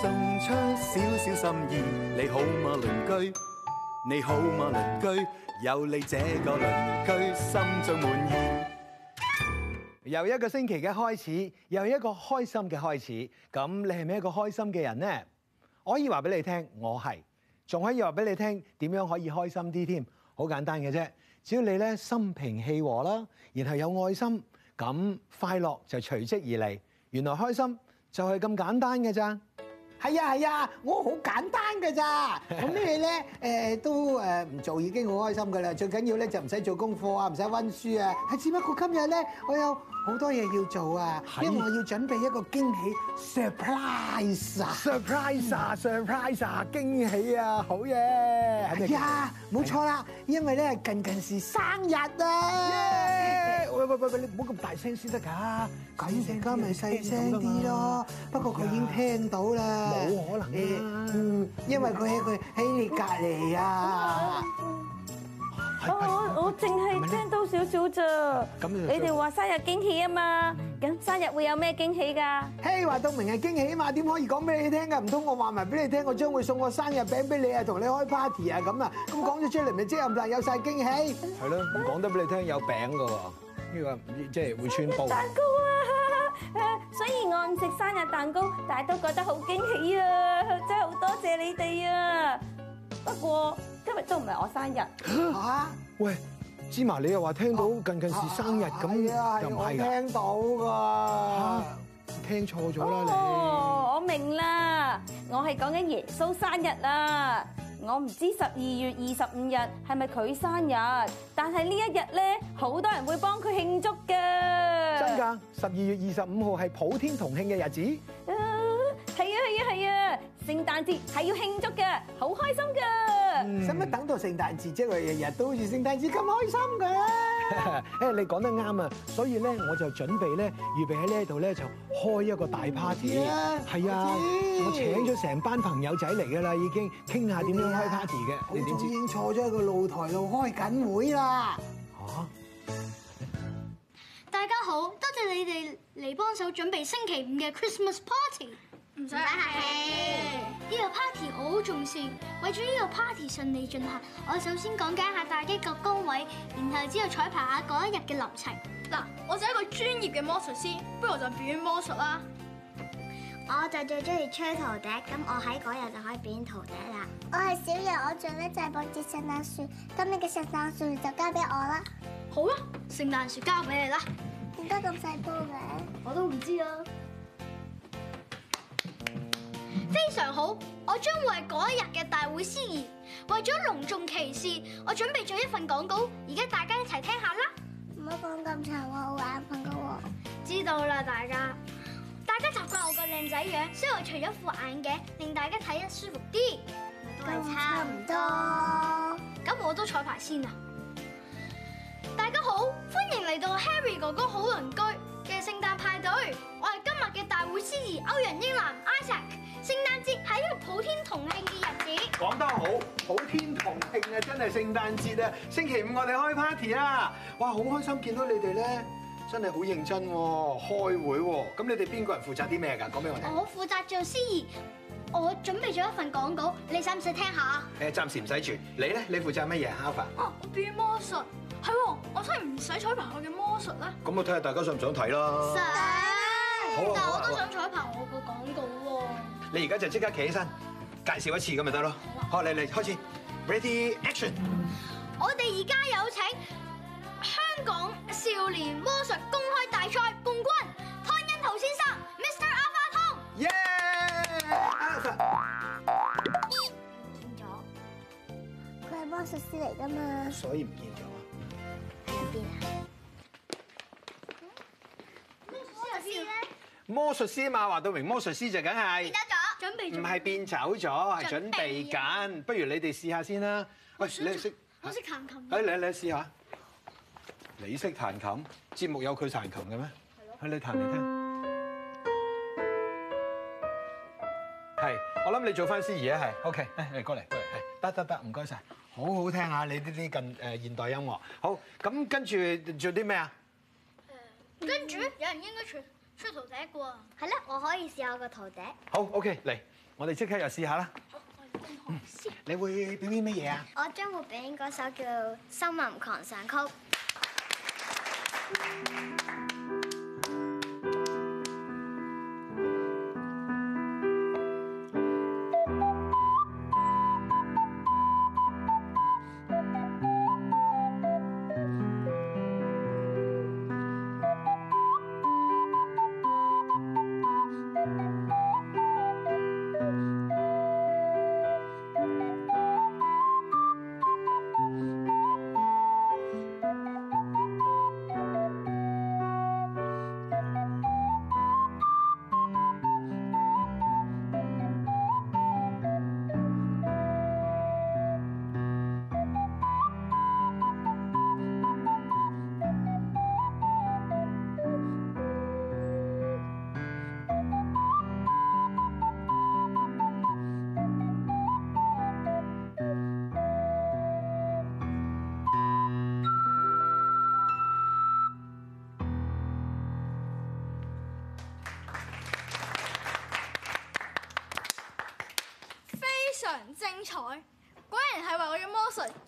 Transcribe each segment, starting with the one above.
送出少少心意，你好嗎，鄰居？你好嗎，鄰居？有你這個鄰居，心中滿意。由一個星期嘅開始，又一個開心嘅開始。咁你係咪一個開心嘅人呢？我可以話俾你聽，我係，仲可以話俾你聽點樣可以開心啲添？好簡單嘅啫，只要你咧心平氣和啦，然後有愛心，咁快樂就隨即而嚟。原來開心就係咁簡單嘅咋。係啊係啊，我好簡單㗎咋，咁 咩呢誒、呃、都誒唔、呃、做已經好開心㗎啦，最緊要呢就唔使做功課不用啊，唔使溫書啊，係只不過今日呢，我又。好多嘢要做啊，啊，因為我要準備一個驚喜 surprise，surprise，surprise，驚 surprise、啊嗯 surprise 啊、喜啊，好嘢！係咪啊，冇、哎、錯啦，啊、因為咧近近時生日啊！啊哎、喂喂喂，喂，你唔好咁大聲先得㗎，咁陣間咪細聲啲咯。不過佢已經聽到啦，冇、哎、可能嘅、啊，嗯，因為佢喺佢喺你隔籬啊。啊我我淨係聽到少少咋？你哋話生日驚喜啊嘛？咁生日會有咩驚喜噶？嘿，話到明係驚喜嘛？點可以講俾你聽㗎？唔通我話埋俾你聽，我將會送個生日餅俾你啊，同你開 party 啊咁啊？咁講咗出嚟咪即係唔難有曬驚喜。係咯，講得俾你聽有餅㗎喎，呢個即係會穿煲。蛋糕啊！所以我唔食生日蛋糕，但係都覺得好驚喜啊！真係好多謝你哋啊！不過。.今日都唔係我生日，啊、喂，芝麻，你又話聽到近近時生日咁，啊，又唔係㗎？啊啊啊，我聽到㗎，啊，聽錯咗啦！哦，我明啦，我係講緊耶穌生日啦。我唔知十二月二十五日係咪佢生日，但係呢一日咧，好多人會幫佢慶祝㗎。真㗎，十二月二十五號係普天同慶嘅日子。啊聖誕節係要慶祝嘅，好開心噶。使、嗯、乜等到聖誕節即係日日都好似聖誕節咁開心噶。誒， 你講得啱啊！所以咧，我就準備咧，預備喺呢一度咧，就開一個大 party。係、嗯、啊，我請咗成班朋友仔嚟噶啦，已經傾下點樣開 party 嘅。我早已經坐咗喺個露台度開緊會啦。嚇、啊嗯！大家好，多謝你哋嚟幫手準備星期五嘅 Christmas party。唔使客氣，呢、這個 party 我好重視，為咗呢個 party 順利進行，我首先講解一下大家各崗位，然後之後彩排下嗰一日嘅流程。嗱，我就一個專業嘅魔術師，不如我就表演魔術啦。我就最中意吹陶笛，咁我喺嗰日就可以表演陶笛啦。我係小楊，我做叻就係布置聖誕樹，咁你嘅聖誕樹就交俾我啦。好啊，聖誕樹交俾你啦。點解咁細波嘅？我都唔知啊。非常好，我將會係嗰一日嘅大會司儀。為咗隆重其事，我準備咗一份廣告，而家大家一齊聽下啦。唔好講咁長，我會眼瞓㗎喎。知道啦，大家。大家習慣我個靚仔樣，所以我除咗副眼鏡令大家睇得舒服啲，都係差唔多。咁我都彩排先啦。大家好，歡迎嚟到 Harry 哥哥好鄰居嘅聖誕派對，我係今日嘅大會司儀歐陽英男 Isaac。聖誕節係一個普天同慶嘅日子，講得好普天同慶啊，真係聖誕節啊！星期五我哋開 party 啦，哇，好開心見到你哋咧，真係好認真開會喎。咁你哋邊個人負責啲咩㗎？講俾我聽。我負責做司儀，我準備咗一份廣告，你使唔使聽下啊？誒，暫時唔使住。你咧，你負責乜嘢啊？阿凡。我變魔術。係喎，我真係唔使彩排我嘅魔術啦，咁我睇下大家想唔想睇啦？想，但係、啊啊啊、我都想彩排我個廣告喎、啊。你而家就即刻企起身，介紹一次咁咪得咯。好，你嚟開始，Ready Action！我哋而家有請香港少年魔術公開大賽冠軍湯恩圖先生，Mr. 阿花湯。Yeah！唔見咗，佢係魔術師嚟噶嘛？所以唔見咗。魔術師魔術師嘛，話到明魔術師就梗係變走咗，準備唔係變走咗，係準備緊。不如你哋試下先啦。喂，你識我識彈琴，彈琴。哎，你你試下，你識彈琴？節目有佢彈琴嘅咩？係你彈嚟聽。係，我諗你做翻司儀係，OK，嚟過嚟。過得得得，唔該曬，好好聽下你呢啲近誒現代音樂。好，咁跟住做啲咩啊？誒，跟住有人應該出出徒弟嘅喎。係咧，我可以試下個徒弟。好，OK，嚟，我哋即刻又試下啦。好，唔好意思。你會表演啲乜嘢啊？我將會表演嗰首叫《森林狂想曲》。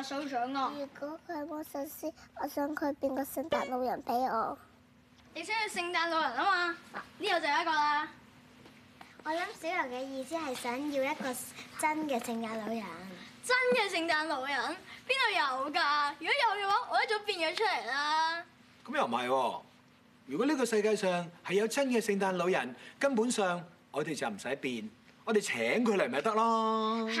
如果佢冇心思，我想佢變個聖誕老人俾我。你想要聖誕老人啊嘛？呢個就係一個啦。我諗小楊嘅意思係想要一個真嘅聖誕老人。真嘅聖誕老人邊度有噶？如果有嘅話，我一早變咗出嚟啦。咁又唔係？如果呢個世界上係有真嘅聖誕老人，根本上我哋就唔使變，我哋請佢嚟咪得咯。吓？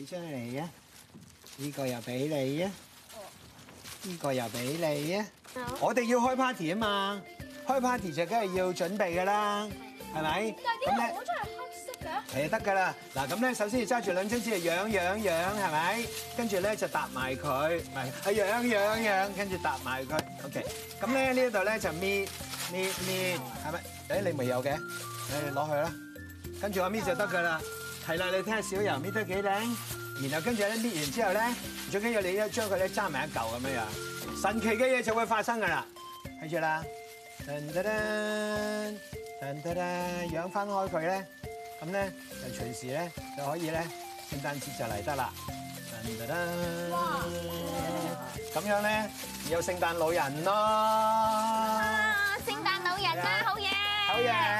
你將嚟啊！呢個又俾你啊！呢個又俾你啊！我哋要開 party 啊嘛，開 party 就梗係要準備噶啦，係咪？咁咧，果樽係黑色嘅。誒，得噶啦，嗱，咁咧，首先要揸住兩張紙係樣樣樣，係咪？跟住咧就搭埋佢，係啊樣樣樣，跟住搭埋佢。OK，咁咧呢度咧就搣搣搣，係咪？誒，你咪有嘅，誒，攞去啦，跟住啊搣就得噶啦。係啦，你睇下小油搣得幾靚，然後跟住咧，搣完之後咧，最緊要你咧將佢咧揸埋一嚿咁樣樣，神奇嘅嘢就會發生噶啦，睇住啦，噔噔噔，噔噔，養翻開佢咧，咁咧就隨時咧就可以咧，聖誕節就嚟得啦，噔噔噔，咁樣咧有聖誕老人咯，聖誕老人好嘢！好嘢。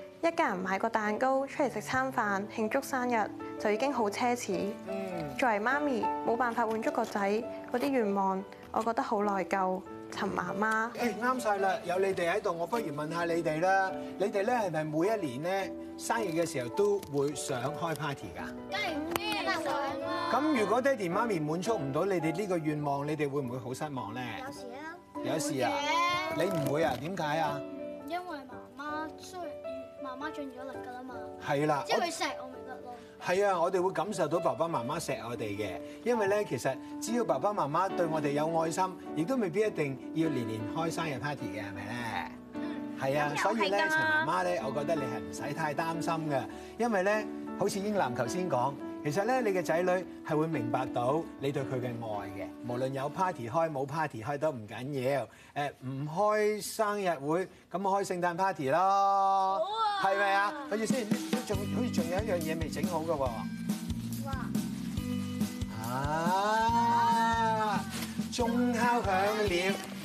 一家人買個蛋糕出嚟食餐飯慶祝生日，就已經好奢侈。嗯。作為媽咪，冇辦法滿足個仔嗰啲願望，我覺得好內疚。陳媽媽，啱晒啦，有你哋喺度，我不如問下你哋啦。你哋咧係咪每一年咧生日嘅時候都會想開 party 㗎？梗係唔知啦。咁如果爹哋媽咪滿足唔到你哋呢個願望，你哋會唔會好失望咧？有事啊？有事啊？你唔會啊？點解啊？因為媽媽媽媽盡咗力㗎啦嘛，係啦，即係佢錫我咪得咯。係啊，我哋會感受到爸爸媽媽錫我哋嘅，因為咧其實只要爸爸媽媽對我哋有愛心，亦都未必一定要年年開生日 party 嘅，係咪咧？嗯，係啊，所以咧，陳媽媽咧，我覺得你係唔使太擔心嘅，因為咧，好似英男頭先講。其實咧，你嘅仔女係會明白到你對佢嘅愛嘅，無論有 party 開冇 party 開都唔緊要。誒，唔開生日會，咁開聖誕 party 咯，係咪啊？好似先，你仲好似仲有一樣嘢未整好㗎喎。哇！啊！鐘敲響了，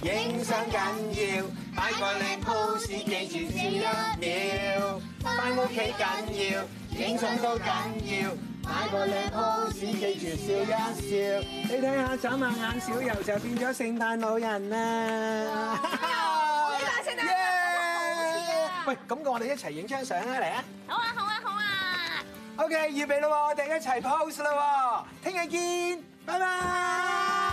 影相緊要，擺個靚 pose 記住少一秒，返屋企緊要，影相都緊要。買個靚 pose，記住笑一笑你看看。你睇下眨下眼，小柔就變咗聖誕老人啦！恭喜大家，耶！喂，咁我哋一齊影張相啦，嚟啊！好啊，好啊，好啊！OK，預備啦，我哋一齊 pose 啦，喎！聽日見，拜拜。